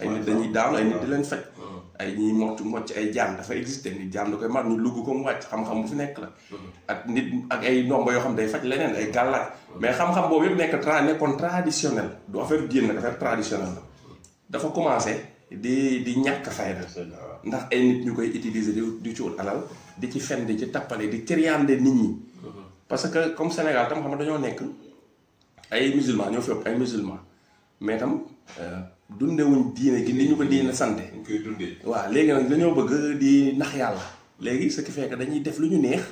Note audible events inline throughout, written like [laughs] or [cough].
ay nit dañuy daanu ay nit di leen faj hmm. ay ñuy mocc mocc ay jaam dafa existé nit jaam da koy mar ñu lugg ko mu wàcc xam-xam bu fi nekk la hmm. ak nit ak ay ndomba yoo xam day faj leneen ay gàllaaj hmm. mais xam-xam boobu yëpp nekk tra nekkoon traditionnel du affaire génn affaire traditionnel la dafa commencé di di ñàkk fayda ndax ay nit ñu koy utiliser di di ci alal di ci fen di ci tappale di cëriande nit ñi parce que comme Sénégal tam xam nga dañoo nekk ay musulman ñoo fi ay musulman mais tam Euh, dundewuñ diine gi ni ñu ko diine sante ñu waaw léegi nag dañoo bëgg di nax yàlla léegi ce qui dañuy def lu ñu neex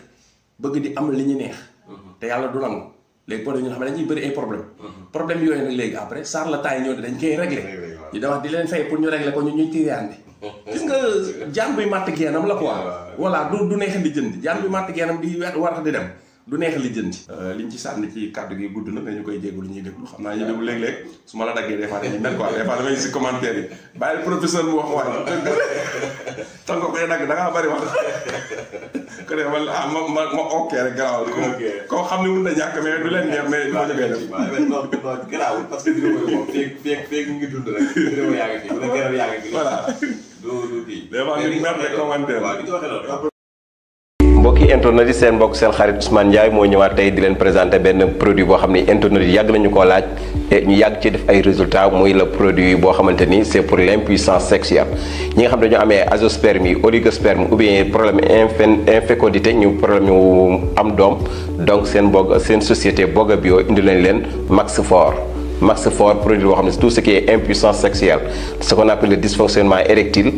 bëgg di am li ñu neex mhm. te yàlla du nangu léegi problème ñu xam ne dañuy bëri ay problème mhm. yooyu nag léegi après charlatan yi ñoo dañ koy régler di leen fay pour ñu régler ko ñu ñuy tiriyaandi [laughs] gis nga jaan bi màtt geenam la ko quoi voilà du du neex di jënd jaan buy màtt geenam di war di dem du neex li jënti euh, liñ ci sànni ci kàddu gi gudd na mais ñu koy jégalu ñuy déglu xam naa ñu déglu léeg-léeg su ma la daggee des fois mel quoi wax waaye [laughs] tax da ngaa bëri wax [laughs] ko ne man ah ma ma rek garaawul koo xam ne mun na ñàkk mais du leen neex mais du ma ñu koy def non non garaawul parce que vidéo moom feeg feeg feeg mu commentaire mbokki internet yi seen mbokk seen xarit Ousmane Ndiaye moo ñëwaat tey di leen présenter benn produit boo xam ne internet yàgg nañu ko laaj te ñu yàgg ci def ay résultats muy le produit boo xamante ni c'est pour l'impuissance sexuelle ñi nga xam dañoo amee azoospermie oligosperme ou bien problème infécondité ñu problème ñu am doom donc seen bog seen société Boga Bio indi lañ leen Max Fort max fort produit boo xam tout ce qui est impuissance sexuelle ce qu'on appelle le dysfonctionnement érectile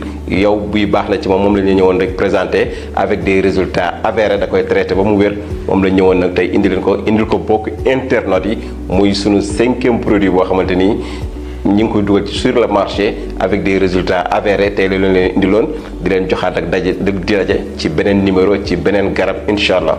yow buy baax na ci mom mom la ñu ñëwoon rek présenter avec des résultats avérés da koy traiter ba mu wër mom la ñu nak tay tey indi ko indil ko bok internet yi muy 5 cinquième produit boo xamanteni nii ñi ngi koy dugal sur le marché avec des résultats avérés tay la leen leen indiloon di leen joxaat ak dajé di daje ci benen numéro ci benen garab inshallah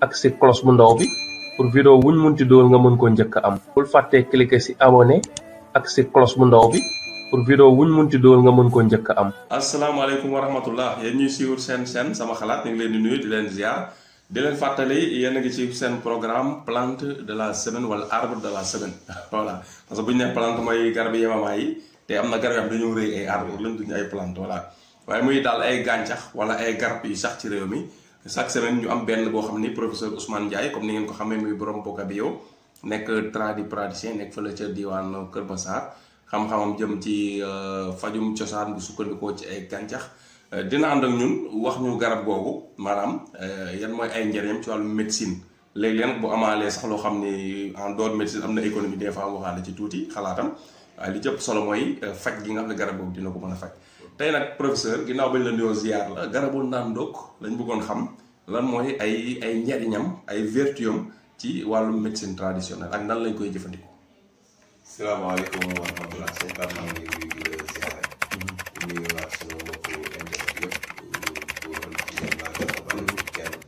ak ci cloche bu ndaw bi pour vidéo wuñ munti dool nga mën ko ñëk am bul faté cliquer ci abonné ak ci cloche bu ndaw bi pour vidéo wuñ munti dool nga mën ko ñëk am Assalamualaikum wa rahmatullah ñi siur sen-sen sen sama xalaat ñu leen di nuyu di leen ziar di leen fatali yeen nga ci sen programme plante de la semaine wala arbre de la semaine [laughs] voilà parce que buñ né plante moy garbi yi té amna te am dañu garab ay arbre lañ duñu ay plante voilà waye muy dal ay gantax wala ay garbi sax ci réew chaque semaine ñu am benn boo xam ni professeur Ousmane Ndiaye comme ni ngeen ko xamee muy borom bokka bi yow nekk tradipraticien nekk fële ca diwaan Kër Bassar xam-xamam jëm ci euh, fajum cosaan bu sukkandikoo ci ay gàncax euh, dina ànd ak ñun wax ñu garab googu maanaam euh, yan mooy ay njëriñam ci wàllu médecine léegi nag bu amaalee sax loo xam ni en dehors médecine am na économie des fois waxaale ci tuuti xalaatam waaye li jëpp solo mooy faj gi nga xam ne garab googu dina ko mën a faj. tey nag professeur ginnaaw bañ la nuyoo ziar la garabu nandook lañ bëggoon xam lan mooy ay ay njariñam ay vertuam ci wàllum médecine traditionnelle ak nan lañ koy jëfandikoo. salaamaaleykum wa rahmatulah sëñ Pape maa internet yëpp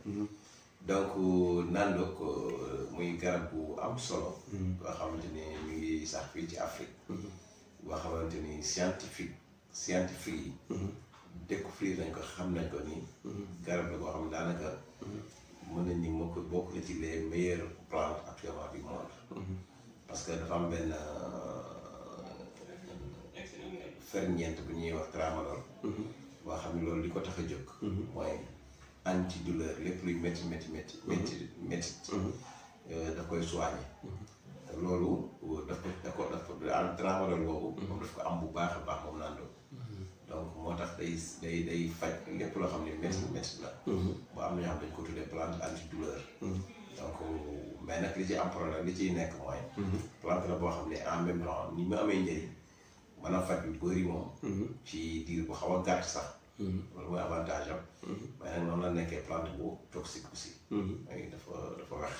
mhm. donc nandook muy garab am solo. nga mhm. xamante ni ñu ngi sax fii ci Afrique. nga mhm. xamante ni scientifique. scientifique yi. Mhm. découvrir nañ ko xam nañ ko ni. Mhm. garab la koo xam daanaka. Mhm. mën nañ ni moo ko bokk na ci les meilleures plantes actuellement du monde. parce que dafa am benn euh, ferñeent bu ñuy wax tramadol. boo loolu li ko tax a jóg. mooy antidouleur lépp luy euh, koy soigner. te loolu euh, boobu. moom daf ko am bu baax a baax moom naan doon. donc moo tax day day day faj lépp loo xam ne métti métti mhm. la. Mhm. bu am na ñoo xam dañ ko tuddee plante antidouleur. Mhm. donc mais nag li ci am problème li ciy nekk mooy. plante la boo xam ne en même temps ni mu amee njëriñ mën a faj yu bëri moom. ci diir bu xaw a gàtt sax. loolu mooy avantage am. mais nag noonu la nekkee plante bu toxique aussi. dafa dafa weex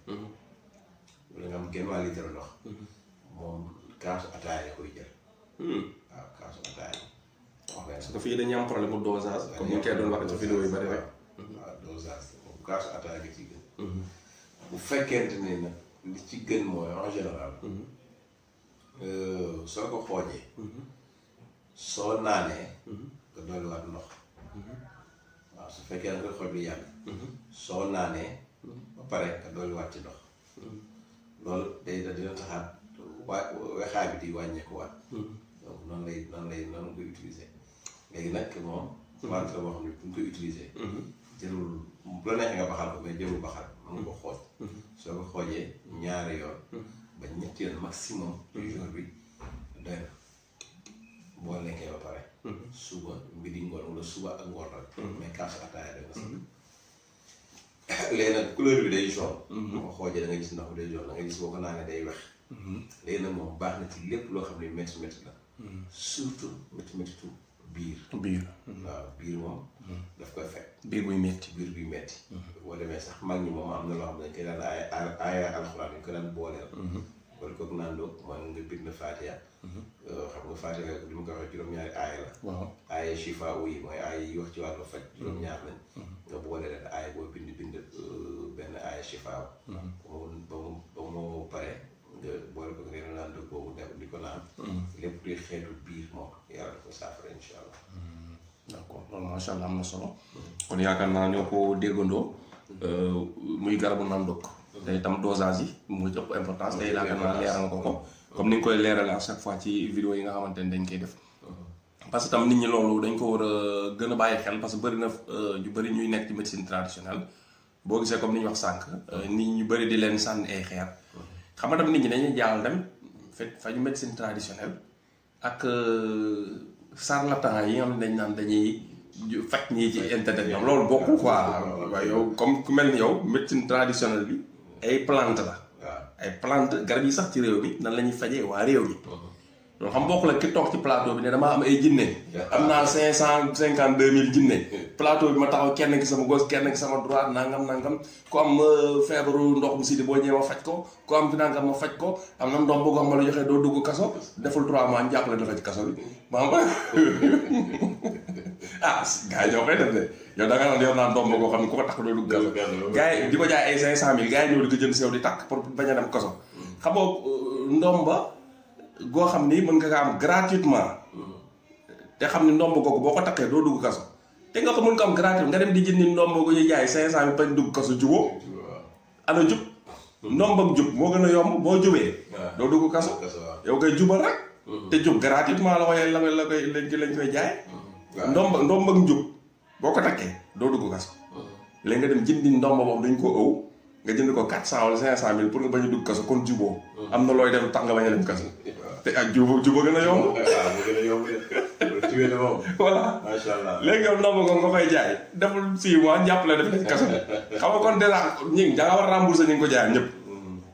genn waa litre ndox mhm. moom kaasu ataaya la koy jël hmm. waaw kaasu ataaya parce que fii dañuy am problème mu dosage comme ni kay doon wax ci mhm. waaw dosage moom kaasu ataaya nga ci gën mhm. bu fekkente ne nag li ci gën mooy en général euh, soo ko xoojee soo naanee nga dolliwaat ndox waaw su fekkee nga koy xooj lu yàgg soo naanee ba pare nga dolliwaat ci ndox loolu day da dina taxaat waa wexaay bi di wàññeekuwaat waat hmm. donc noonu lay noonu lay noonu nga koy utiliser léegi nag moom wante la boo xam ne bu ñu koy utiliser hmm. jëlul bu la neexee nga baxal ko mais jëlul baxal mën nga ko xooj hmm. soo ko xoojee ñaari yoon ba ñetti yoon maximum jour bi doy boo lekkee ba pare suba mbi di ngoon wala suba ak ngoon la mais kaas ataaya doy na sax fekk léegi nag couleur bi day jaune. boo ko xoojee da nga gis ndox bi day jaune da nga gis boo ko naanee day wex. léegi nag moom baax na ci lépp loo xam ne métti métti la. surtout métti méttitu biir. biir waaw biir moom. daf koy fekk. biir buy métti biir buy métti. boo demee sax mag ñi moom am na loo xam ne dañ koy daan ay ay alxuraan dañ ko daan booleel. wala kooku naan doog mooy nga bind Fatiha. Mhm. Euh, xam nga Fatiha li ma ko waxee juróom-ñaari aaya la. waaw aaya shifa yi mooy aaya yi wax ci wàllu faj. Mhm. juróom-ñaar lañ. Mhm. nga boole leen aaya boo bind bind euh, benn aaya shifa. ba ba mu pare nga boole ko nga naan doog boobu def di ko naan. lépp luy xeetu biir moom yàlla ko saafara incha allah. d' allah am na solo. kon yaakaar naa ñoo ko déggandoo. Euh, muy garabu naan doog. te itam dosage yi mu ci ëpp importance te yaakaar naa leeral nga ko comme ni nga koy leeral à chaque fois ci vidéo yi nga xamante ne dañ koy parce que nit ñi loolu dañ ko war a gën a bàyyi xel parce que bëri na euh, ñu bëri ñuy nekk ci médecine traditionnelle boo gisee comme ni ñu wax sànq euh, nit ñu bëri di leen sànni ay xeer xam nga tam nit ñi dañuy jaal dem fet faju médecine traditionnelle ak euh, charlatan yi nga xam ne dañ naan dañuy faj ñii ci internet ñoom loolu bokkul quoi waaw yow comme yow médecine traditionnelle bi ay plante la. ay plante garab yi sax ci réew mi nan la ñuy fajee waa réew mi. loo mhm. xam bokkul la ki toog ci plateau bi ne damaa am ay jinne am naa cinq cent cinquante deux mille jinne plateau bi ma taxaw kenn ki sama gauche kenn ki sama droite nangam nangam ku am euh, feebaru ndox bu sidi boo ñëwee ma faj ko ku am fi ma faj ko am na ndox bu ko ma la joxee doo dugg kaso deful trois mois ñu jàppale dafa ci kaso bi. [laughs] ah gars yi ñoo def de yow da nga naan yor naa ndomb goo xam ne ku ko takk doo dugg kaso gars yi di ko jaay a dem kaso euh, goo xam ni mën nga ko am gratuitement te xam ne ndomb googu boo ko takkee doo dugg kaso te nga ko mën ko am gratuit nga dem di jëndi ndomb gu ñu jaay cinq cent mille bañ dugg kaso juboo ana jub ndomb ak jub moo gën a yomb boo jubee doo dugg kaso yow koy jubal rek mm-hmm. te jub gratuitement la koy la koy lañ koy jaay mm-hmm. ndomba ndomba ak njub boo ko takkee doo dugg kaso. Mm. léegi nga dem jëndi ndomba boobu dañ ko ëw nga jënd ko quatre cent wala cinq cent mil pour nga bañ a dugg kaso kon juboo mm. am na looy def tax nga bañ a dem kaso. Mm. te ak ah, juboo a yomb. waaw [laughs] ah, a [laughs] macha allah léegi yow ndomba ko nga fay jaay deful six mois jàppale def nañ kaso bi [laughs] xam nga kon dèjà ñi da nga war a rembourser ñu ngi ko jaayam ñëpp.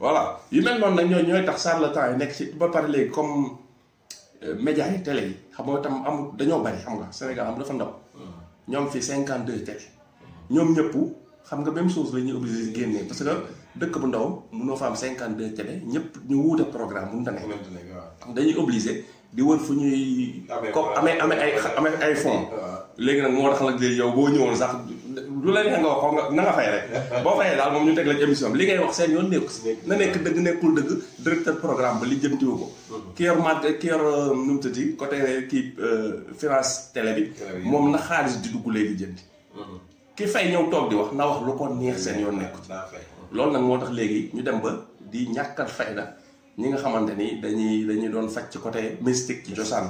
voilà yu mel noonu nag ñooy ñooy tax charlatan yi nekk ci ba pare léegi comme euh, média yi télé yi xam nga tam amul dañoo bari xam nga Sénégal am dafa ndaw. Hmm. ñoom fii cinquante deux teg ñoom ñëpp xam nga même chose la ñuy obligé génnee parce que dëkk bu ndaw noo fa am cinquante deux télé ñëpp ñu wuute programme mënut a nekk. dañuy obligé di wër fu ñuy. ko amee amee ay amee ay fonds. Hmm. léegi nag moo tax nag léegi yow boo ñëwoon sax lu la neex nga na nga fay rek. [laughs] ñu teg la li ngay wax seen yoon nekk si. na nekk dëgg nekkul dëgg directeur programme ba li jëntiwu ko. keer mag keer euh, nu mu tëddi côté kii euh, finance télé bi. moom na xaalis di dugg léegi jënd. Mhm. ki fay ñëw toog di wax na wax lu ko neex seen yoon nekk. loolu nag moo tax léegi ñu dem ba di ñàkkal la ñi nga xamante ni dañuy dañuy doon faj ci côté mystique ci cosaan.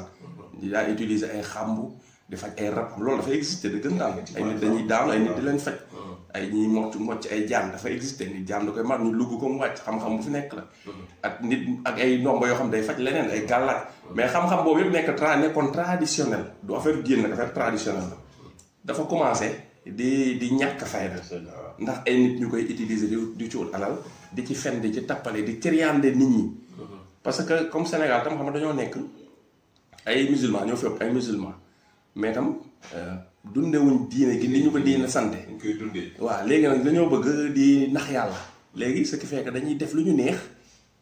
di daa utiliser ay xàmbu di faj ay rab loolu dafay exister de gën daal ay nit dañuy daanu ay nit di leen faj. ay ñuy mocc mocc ay jaam dafa existé nit jaam da koy mar ñu lugg ko mu wàcc xam-xam bu fi nekk la ak nit ak ay nomba yoo xam day faj leneen ay gàllaaj mais xam-xam boobu yëpp nekk tra nekkoon traditionnel du affaire génn affaire traditionnel la dafa commencé di di ñàkk fayda ndax ay nit ñu koy utiliser di di ci wut alal di ci fen di ci tappale di cëriande nit ñi parce que comme Sénégal tam xam nga dañoo nekk ay musulman ñoo fi ay musulman mais tam euh, dundewuñ diine gi ni ñu ko diine santé dañ koy dundee waaw léegi nag bëgg di nax yalla légui ce qui fait que dañuy def lu ñu neex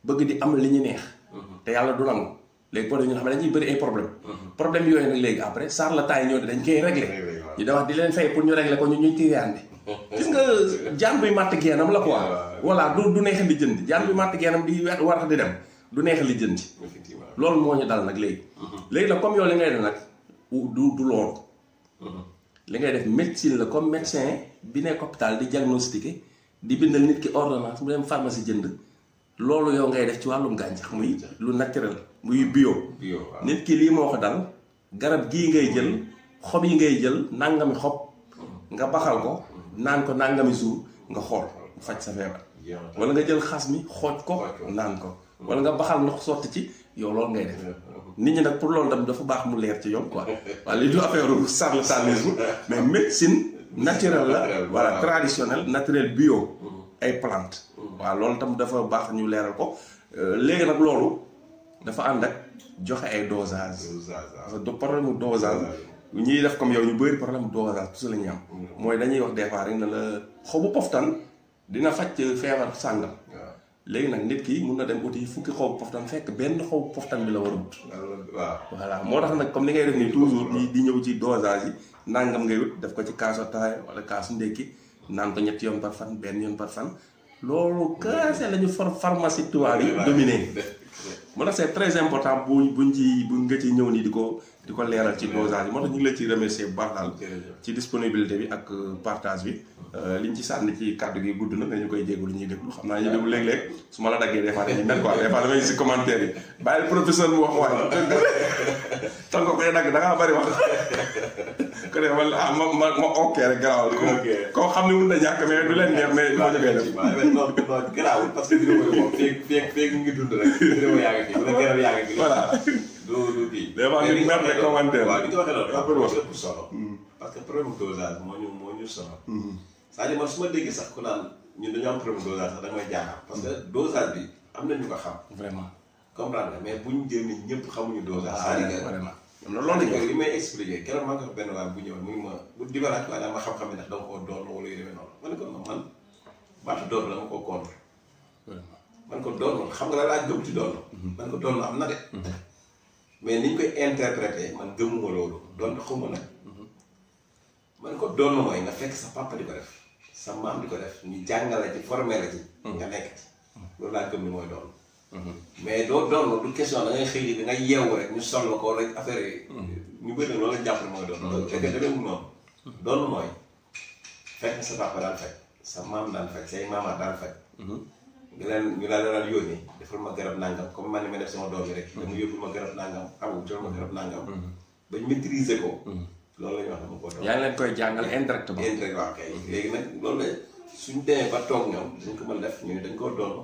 bëgg di am li ñu neex mhm. té yalla du nangu léegi problème ñu xam dañuy bëri ay problème mhm. problème yoy nak légui après sar la tay ñoo dañ koy régler ñu da wax di leen fay pour ñu régler ko ñu ñuy tiiraande gis nga jaan buy mat gënam la quoi voilà du du neex li jënd jaan buy mat gënam di war di dem du neex li jënd lool moñu dal nak légui mhm. légui la comme yow li ngay def nag du du lool li ngay def médecine la comme médecin bi nekk hôpital di diagnostiqué di bindal nit ki ordonnance mu dem pharmacie jënd loolu yow ngay def ci wàllum gàncax muy lu naturel muy biyo bio nit ki lii moo ko dal garab gii ngay jël xob yi ngay jël nangami xob nga baxal ko naan ko nangami jour nga xool faj sa feebar. wala nga jël xas mi xooj ko naan ko. Hmm. wala nga baxal ndox sotti ci. yow loolu ngay def nit ñi nag pour loolu tam dafa baax mu leer ci yow quoi waaw li du affaire charlatanisme mais médecine naturelle la voilà traditionnelle naturelle bio mm-hmm. ay plante waaw loolu tam dafa baax ñu leeral ko euh, léegi nag loolu dafa ànd ak joxe ay dosage parce que problème mu dosage ñiy def comme yow ñu bëri problème dosage tout la ñuy am mm-hmm. mooy dañuy wax des fois rek na la xobu poftan dina faj feebar sàngam léegi nag nit ki mun na dem uti fukki xaw poftan fekk benn xaw poftan bi la war a wut. waaw voilà moo tax nag comme ni ngay def nii toujours di di ñëw ci dosage yi nangam ngay wut def ko ci kaasu ataaya wala kaasu ndékki naan ko ñetti yoon par fan benn yoon par fan loolu kese la ñu for pharmacie tubaab yi dominé. [laughs] moo tax c'est très important bu buñ ci bu nga ci ñëw nii di ko di ko leeral ci dosage bi moo tax ñu ngi la ci remercier bu baax daal ci disponibilité bi ak euh, partage bi euh, liñ ci sànni ci kàddu gi gudd na dañu koy jégalu ñuy déglu xam naa ñu déglu léeg-léeg su ma la daggee des fois dañuy mel quoi des fois damay si commentaire yi bàyyil professeur mu wax waaye [laughs] tan ko koy dagg da ngaa wax que ne wala ah ma ma ma ok rek garaawul. ok koo xam ne mun na ñàkk mais du leen neex mais du ma ñu koy def. waaw non non garaawul parce que vidéo yi moom feeg feeg feeg mu ngi dund rek. vidéo yaa ngi fi wala garab yaa ngi fi. voilà du du kii. mais li ñu waxee loolu waaw li ñu waxee loolu dafa ëpp solo. Mm. parce que problème dosage moo ñu moo ñu solo. Mm-hmm. c'est-à-dire man su ma déggee sax ku naan ñun dañoo am problème dosage sax da ngay jaaxal. parce que mm-hmm. dosage bi am na ñu ko xam. vraiment comprendre nga mais buñ jëlee ñëpp xamuñu dosage. Ah, c'est-à-dire vraiment. loolu la ñu li may expliqué keroog maa ngi wax bu ñëw mu ma bu dibaraat xam-xam ne doon wala yu demee noonu ma ne ko man la ma koo contre. Hmm. man ko doon xam nga la laa gëm ci hmm. ko doon am na de. Hmm. mais niñ koy interprété man gëmuma loolu doon xawma nag. man ko mooy nga fekk sa papa di ko def sa maam di ko def ñu jàngale ci formé ci. nga nekk ci loolu laa gëm ni mooy doon. mais doo doon du question da ngay xëy di nga yeewu rek ñu sol la ko wala affaire yi. ñu bëri na loolu la jàpp mooy doon. loolu fekk da doon noonu. Hmm. doon mooy fekk sa papa daan fekk sa maam daan fekk say maamaat daan fekk. Hmm. nga leen ñu daal daan yónni defal ma garab nangam comme man ni ma def sama doom yi rek. Hmm. dama yóbbul ma garab nangam awu jox ma garab nangam. bañ maîtriser ko. loolu la ñuy wax dama ko doon. yaa leen koy jàngal indirectement. indirectement kay léegi nag loolu la. suñ demee ba toog ñoom dañ ko man def ñu dañ koo doon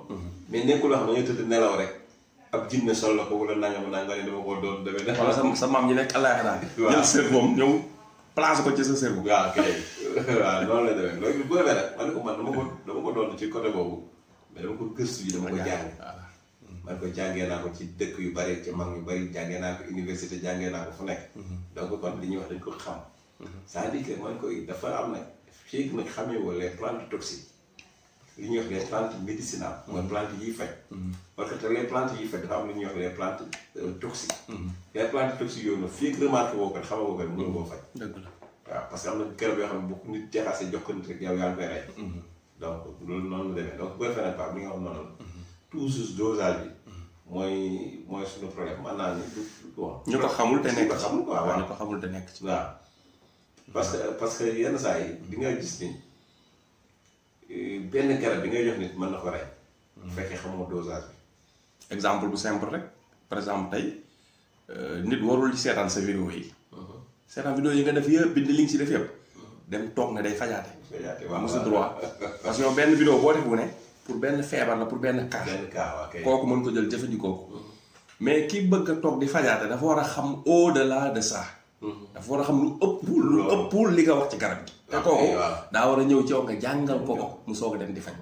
mais nekkul loo xam ne dañoo tëdd nelaw rek ab jinne sol la ko wala nangam nangam ne dama koo doon demee def wala sa maam ñi nekk àllaaxira jël sër moom ñëw place ko ci sa sër bu waaw kay waaw loolu la demee loolu bu demee ko doon ci côté boobu mais dama ko gëstu ji dama ko jàng man ko jàngee naa ko ci dëkk yu bari ci mag yu bari jàngee naa ko université jàngee naa ko fu nekk mhm. donc kon li ñuy wax dañ ko xam mhm. c'est-à-dire que man koy dafa am nag léegi nag xamee woo les plantes toxiques li ñuy wax les plantes médicinales. mooy plantes yiy faj. Mm-hmm. parce que les plantes yiy faj dafa am lu ñuy wax les plantes euh, toxiques. Mm-hmm. les plantes toxiques yooyu nag fii remarqué woo ko xamoo ko mënu koo faj. dëgg la waaw parce que am na garab yoo xam ko nit jaxasee jox ko nit rek yow yaa ngi koy rey. Mm-hmm. donc loolu noonu la demee donc bu defee nag par mi nga mooy mooy suñu problème mën naa ni du bon. ñu ko xamul te nekk ci ñu ko xamul quoi waaw ñu ko parce que parce que yenn saa yi di nga gis ni eh, benn garab bi ngay jox nit mën na ko rey. Hmm. bu fekkee xamoo dosage bi. exemple bu simple rek par exemple tey euh, nit warul seetaan sa vidéo yi. Uh-huh. seetaan vidéo yi nga def yëpp bind li nga si def yëpp. Uh-huh. dem toog na day fajaate. fajaate waaw waaw droit. parce que yow benn vidéo boo def bu ne pour benn feebar la pour benn cas. benn cas kooku mën ko jël jëfandikoo ko. Uh-huh. mais ki bëgg a di fajaate dafa war a xam au delà de ça. Mm-hmm. dafa war a xam lu ëpp. lu ëpp li nga wax ci garab gi. Ah, te daa war a ñëw ci yow nga jàngal ko mu soog a dem di faj.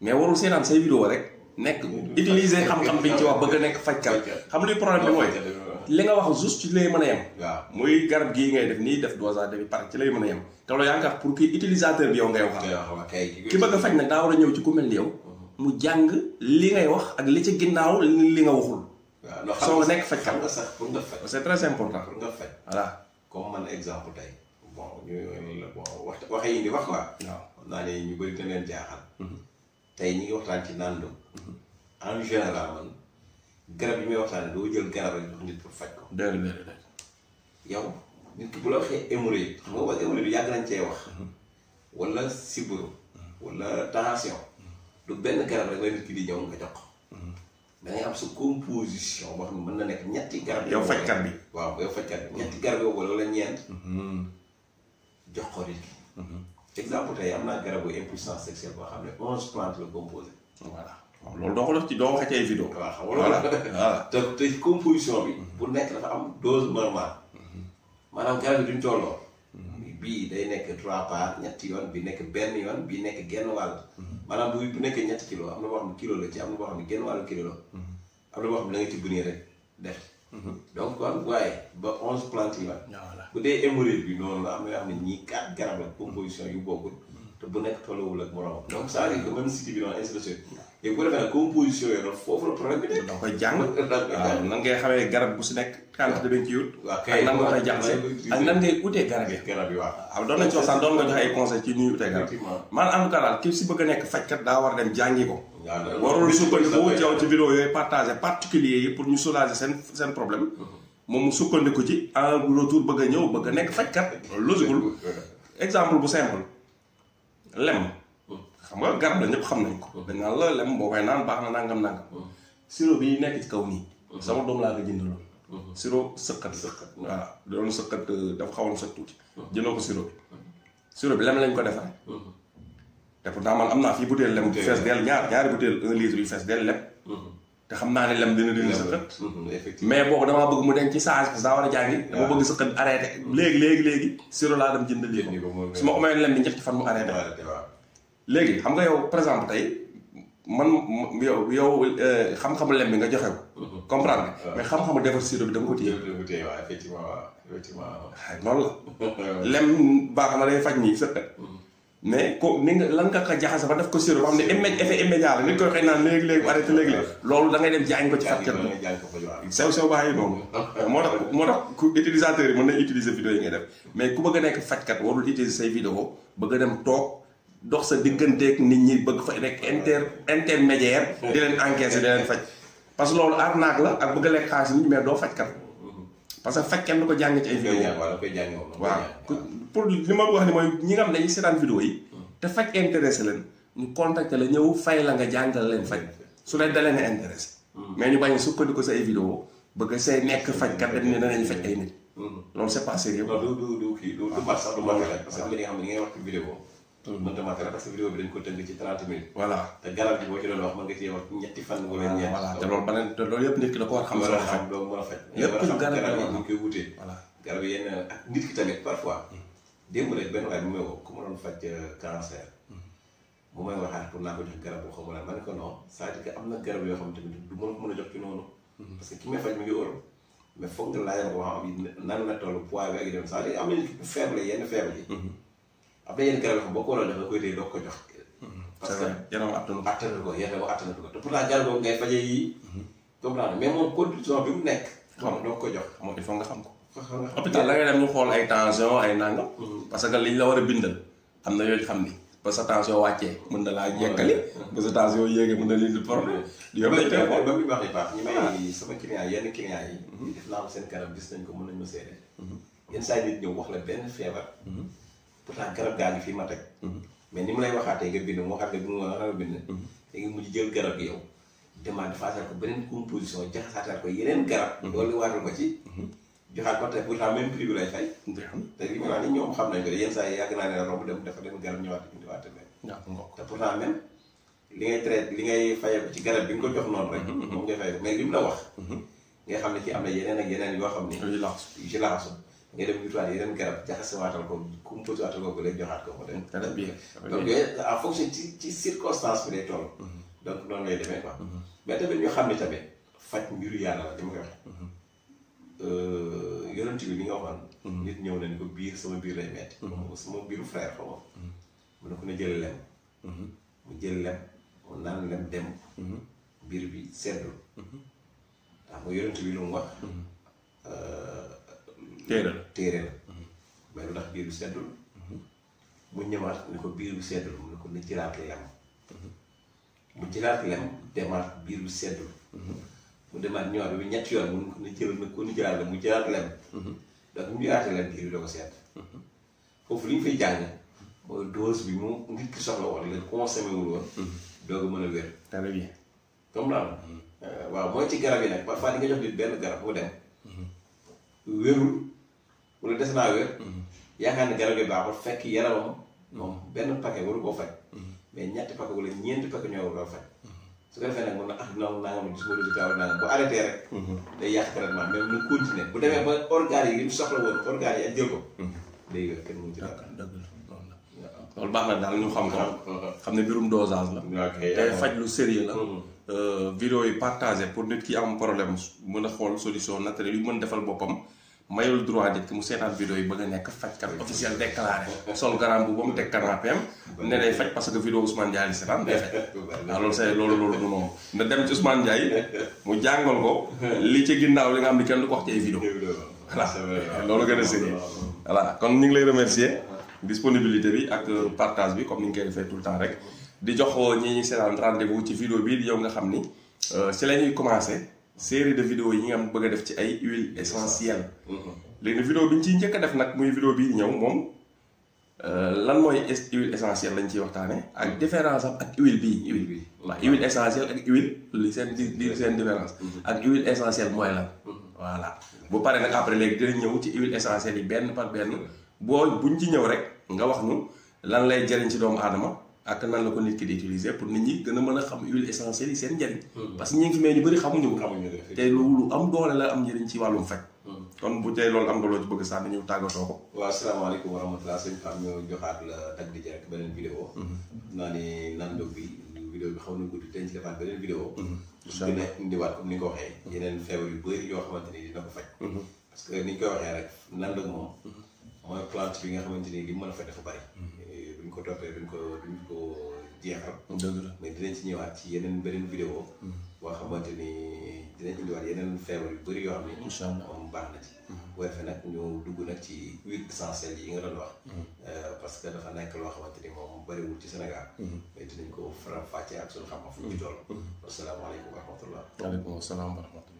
mais warul seetaan say vidéo rek nekk utiliser xam-xam bi ñu ci wax bëgg a nekk fajkat xam luy li nga wax juste ci lay mën a yem. waaw garab gii ngay nii def dosage bi pare ci lay mën a yem. te loolu yaa pour que utilisateur bi yow ngay waxal. ki bëgg a faj nag daa war a ñëw ci ku mel ni yow. mu jàng li ngay wax ak li ci ginnaaw li nga waxul. waaw loo xam nga nekk fekk xam nga sax pour nga fekk. c'est comme man exemple tey. bon ñu bon wax waxe yi di ñu bëri dina leen jaaxal. Mhm. tey ñu ngi waxtaan ci naan doom. Mhm. en général man garab yi may waxtaanee doo jël garab rek nit pour faj ko. dëgg yow nit ki bu la cee wax. Mhm. wala sibbiru. wala benn garab rek la nit ki di ñëw nga jox da ngay am sa composition boo xam ne mën na nekk ñetti garab. yow fajkat bi waaw yow fajkat bi mm-hmm. ñetti garab yoo boole wala ñeent. Mm-hmm. jox ko nit ki. Mm-hmm. exemple te am naa garabu impuissance sexuelle boo xam ne onze plantes la composé. voilà waaw loolu doo ko def ci doo waxee ci ay vidéo. waaw xam nga [laughs] te te composition bi. bu nekk dafa am dose normale. maanaam garab yi duñ tolloo. bii day nekk trois parts ñetti yoon bi nekk benn yoon bi nekk genn wàll. Mm-hmm. maanaam bu bu nekkee ñetti kilo am na boo xam ne kilo la ci am na boo xam ne genn wàllu kilo la. Mm-hmm. am na boo xam ne da nga tibb nii rek def. Mm-hmm. donc kon waaye ba onze plante yi la. bu dee hémorroïde bi noonu am na yoo xam ne ñii garab la composition yu bokkul. te bu nekk tolluwul ak moroom donc ça veut dire que même si bi noonu ainsi léegi bu foofu la problème bi nekk. da [laughs] jàng waaw nan ngay xamee garab bu si nekk. quantité bi nga ci wut. waaw kay nan ak nan ngay utee garab yi. garab yi waaw waaw ah, doon nañu si doon nga joxe ay conseils ci ñuy utee garab. effectivement am en tout si bëgg a nekk fajkat daa war dem jàngi ko. warul sukkandiku jaw ci vidéo yooyu partagé particulier yi pour ñu soulager seen seen problème. Mhm. moom mu sukkandiku ci en retour bëgg a ñëw bëgg a nekk fajkat. loolu logique exemple bu simple lem. xam nga garab la ñëpp xam nañ ko. Mm. dañ naan la lem boo koy na nangam mm. bi nekk ci kaw nii. Mm-hmm. sama doom laa ko jëndaloon. Mm-hmm. sirop sëqat sëqat. waaw doon sëqat euh, dafa xawoon tuuti. Mm-hmm. jëndoo ko sirop bi. bi lem lañ ko defaree. te pourtant man am naa fii butéel lem. bu fees dell ñaar ñaari butéel un litre yu fees dell lem. te xam naa ne lem dina dina sëqat. mais boobu damaa bëgg mu denc ci saa parce que daa war a jàngi. Ah. dama bëgg sëqat arrêté léegi léegi léegi. sirop laa dem jënd lii ko su ma omee lem bi ci fan mu arrêté. léegi xam nga yow par exemple tey man yow yow euh, xam-xamu lem bi nga joxe ko. Mhm. comprendre mais xam-xamu defar sirop bi dama ko téye. dama ko téye waaw effectivement waaw effectivement noonu ah, la. [laughs] lem baax na day faj nii mhm. mais ko ni nga lan nga ko ba def ko sirop. xam ne immédiat effet immédiat la nit ngay dem jaañ ko ci fàttali. jaañ ko sew sew baax yi noonu. [laughs] moo tax moo tax ku utilisateur yi mën na utiliser vidéo yi ngay def mais ku bëgg a nekk fajkat warul utiliser say vidéo bëgg a dem toog dox sa digganteeg nit ñi bëgg fa rek inter intermédiaire di leen encaisser da leen faj parce que loolu arnaque la ak bëgg a lekk xaalis nit mais doo fajkat parce que faj kenn du ko jàng ci ay vidéo waaw pour li ma wax ni mooy ñi nga xam ne dañuy seetaan vidéo yi te faj intéressé leen ñu contacté la ñëw fay la nga jàngal leen faj su leen dalee nga intéressé hmm. mais ñu bañ a sukkandiku sa ay vidéo bëgg say nekk fajkat dañ ne danañ faj ay nit hmm. loolu c'est pas sérieux du du ah. am na ngay wax ci vidéo mën dañ ko tënk ci 30 minutes. voilà te boo ci doon wax mën nga cee wax ñetti fan. wala ñeent voilà xam. war a faj. lépp lu garab yi ñu koy wutee. voilà garab yi yenn ak tamit parfois. Hmm. démb rek benn waay bu may woo ku ma doon faj euh, cancer. Hmm. mu may waxaat ah, pour naa ko jox garab boo xam ne ma ne ko non c'est-à-dire am na garab yoo xam tamit du mën ko mën a jox ci noonu. Hmm. parce que ki may faj mi ngi ëllëg. mais foog nga laajal ko wax am nan toll poids bi ak yeneen c'est-à-dire am nañu faible yenn faible yi ab day yenn keroog boo ko waroon dafa koy téye doo ko jox. parce que yaram attanu ko attanu ko ngay fajee yii. Mhm. mais moom condition bi mu nekk. xam doo ko jox moom il faut nga xam ko. hôpital la ngay dem ñu xool ay tension ay nangam. Mhm. parce que liñ la war a bindal am na yoo xam ni. ba sa tension wàccee mën na laa jekkali ba sa tension yéegee mën na lii di problème. di yóbbu ay téléphone ba muy baax i baax ñu may ah. sama client yenn client yi. Mhm. def naa am seen kanam ko mën nañ ma seede. yenn saa yi nit ñëw wax pourtant garab gaa ngi ma mhm. mais ni mu lay waxaatee nga bind moo xam ne bu ma waxee bind. da nga mujj jël garab gi yow. demande garab. Mhm. loolu waatal ko ci. Mhm. joxaat ko te pourtant même prix bi lay fay. te li xam nañ ko yenn saa yàgg naa ne la dafa dem garab ñëwaat indiwaat tamit. li ngay traité li ngay fayee ci garab bi nga ko jox noonu rek. moom ngay fayee mais li mu la wax. nga xam ne ci am na yeneen ak yeneen yoo xam ne. yu laxasu yu nga dem jutiwaat yeneen garab jaxasewaatal ko kumpatuwaatal ko léegi joxaat ko ko dem donc en fonction ci ci circonstance bi lay toll mm-hmm. donc noonu lay demee quoi mm-hmm. mais tamit ñu xam la li ma mm-hmm. euh, bi li nga waxoon nit ko biir sama biir lay metti sama biiru frère mu jël lem mu naan lem dem biir bi seddul ndax mu yonent bi lu mu wax euh, téere la téere la biir bi seddul mu ñëwaat ni ko biir bi seddul mu ne ko na jëlaat lem mu jëlaat lem demaat biir bi seddul mu demaat ñëwaat bi ñett yoon mu ne ko na jëlaat lem mu mu biir bi bi mu nit ki mm-hmm. ci garab jox nit benn garab mu dem wérul wala des naa wér mhm. yaakaar ne garab yi baaxul fekk yaramam moom benn paquet waru koo faj mhm. mais ñetti paquet wala ñeenti paquet ñoo war koo faj mhm. su ko defee nag mun na ah non naa nga ma gis ma résultat wala naa yi li mu yi ak jël ko day wér kenn loolu baax na daal ñu xam ko xam ne mbirum dosage la te faj lu sérieux la euh, vidéo yi partagé pour nit ki am problème mën a xool solution naturelle yu mën defal boppam mayul droit nit ki mu seetaan vidéo yi bëgg a nekk fajkat officiel déclaré sol garam bu ba mu teg canapém ne day faj parce que vidéo Ousmane Ndiaye li seetaan day faj waaw ah, loolu say loolu loolu ko li ci ginnaaw li nga xam ni kenn wax ci ay vidéo voilà loolu gën kon ñu ngi lay remercier disponibilité bi ak partage bi comme ni ñu koy defee tout le temps rek di jox ñi ñuy seetaan rendez-vous ci vidéo bi yow nga xam ni si euh, la ñuy commencé série de vidéo yi nga am bëgg def ci ay huiles essentielles. Mm-hmm. léegi nag vidéo bi ñu ciy njëkk def nag muy vidéo bii ñëw moom euh, lan mooy huile essentielle lañ ci waxtaanee ak mm-hmm. différence ak huile bii huile bii. waaw huile essentielle ak huile li seen li seen différence. Mm-hmm. ak huile essentielle mooy lan. voilà bu paree nag après léegi dinañ ñëw ci huile essentielle yi benn par benn boo ñu ci ñëw rek nga wax ñu lan lay jëriñ ci doomu aadama. ak nan la ko nit ki di utiliser pour nit ñi gën a mën a xam huile essentielle yi seen njëriñ. Hmm. parce que ñu ngi fi may ñu bëri xamuñu ko. xamuñu ko am doole la am njëriñ ci wàllum faj. Hmm. kon bu tey loolu am nga loo ci bëgg sànni ñu tàggatoo ko. waaw asalaamaaleykum wa rahmatulah sëñ Fane ñoo joxaat la tag di rek beneen vidéo. Hmm. naa ne naan dog bi vidéo bi xaw na guddi dañ ci defaat beneen vidéo. incha allah indiwaat comme ni nga ko waxee. yeneen feebar yu bë yoo xamante ni dina ko faj. parce que ni ñu koy waxee rek naan dog moom. mooy nga xamante ni li mën a faj dafa ko toppee duñ ko duñ ko jeexal. dëgg la mais dinañ ci ñëwaat yeneen beneen vidéo. Hmm. boo xamante ni dinañ indiwaat yeneen feebar yu bëri yoo xam ne. incha moom baax na ci. Hmm. bu defee nag ñu dugg nag ci huile essentielle yi nga doon wax. Hmm. Euh, parce que dafa nekk loo xamante ni moom bëriwul ci Sénégal. mais dinañ ko faram-fàccee ak suñu xam-xam fu ñu toll. asalaamaaleykum wa rahmatullah. waaleykum salaam wa rahmatullah.